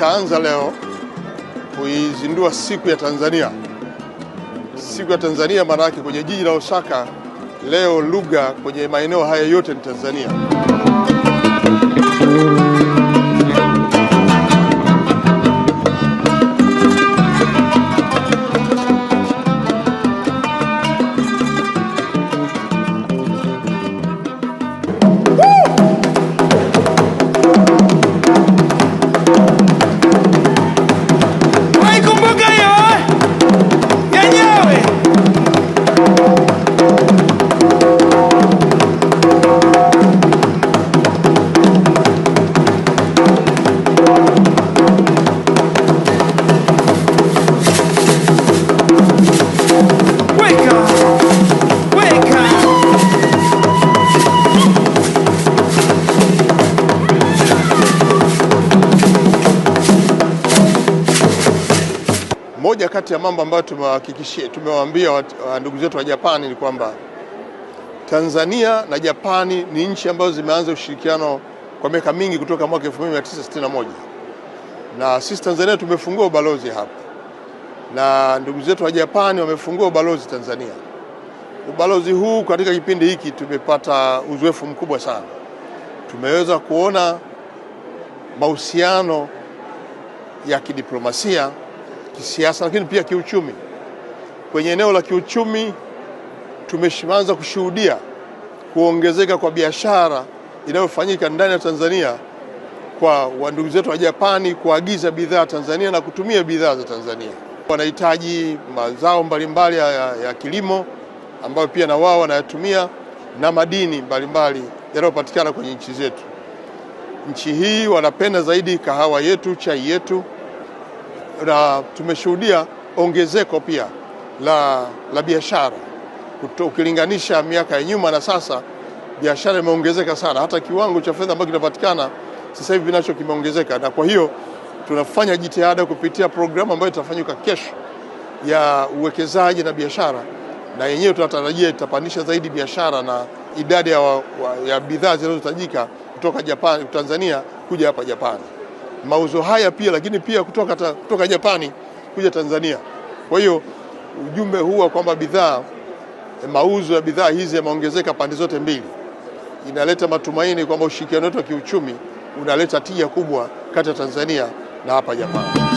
ameshaanza leo kuizindua siku ya Tanzania. Siku ya Tanzania maana yake kwenye jiji la Osaka leo lugha kwenye maeneo haya yote ni Tanzania. Moja kati ya mambo ambayo tumewahakikishia, tumewaambia ndugu zetu wa Japani ni kwamba Tanzania na Japani ni nchi ambazo zimeanza ushirikiano kwa miaka mingi kutoka mwaka 1961 na sisi Tanzania tumefungua ubalozi hapa na ndugu zetu wa Japani wamefungua ubalozi Tanzania. Ubalozi huu katika kipindi hiki tumepata uzoefu mkubwa sana, tumeweza kuona mahusiano ya kidiplomasia kisiasa, lakini pia kiuchumi. Kwenye eneo la kiuchumi tumeshaanza kushuhudia kuongezeka kwa biashara inayofanyika ndani ya Tanzania kwa wandugu zetu wa Japani kuagiza bidhaa Tanzania na kutumia bidhaa za Tanzania. Wanahitaji mazao mbalimbali ya, ya kilimo ambayo pia na wao wanayatumia na madini mbalimbali yanayopatikana kwenye nchi zetu. Nchi hii wanapenda zaidi kahawa yetu, chai yetu, na tumeshuhudia ongezeko pia la, la biashara ukilinganisha miaka ya nyuma na sasa, biashara imeongezeka sana, hata kiwango cha fedha ambacho kinapatikana sasa hivi nacho kimeongezeka, na kwa hiyo tunafanya jitihada kupitia programu ambayo itafanyika kesho ya uwekezaji na biashara, na yenyewe tunatarajia itapandisha zaidi biashara na idadi ya, ya bidhaa zinazohitajika kutoka Japan, Tanzania kuja hapa Japani mauzo haya pia, lakini pia kutoka, kutoka Japani kuja Tanzania. Kwa hiyo ujumbe wa kwamba bidhaa eh, mauzo ya bidhaa hizi yameongezeka pande zote mbili, inaleta matumaini kwamba ushirikiano wetu wa kiuchumi unaleta tija kubwa kati ya Tanzania na hapa Japani.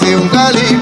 fazer um galinho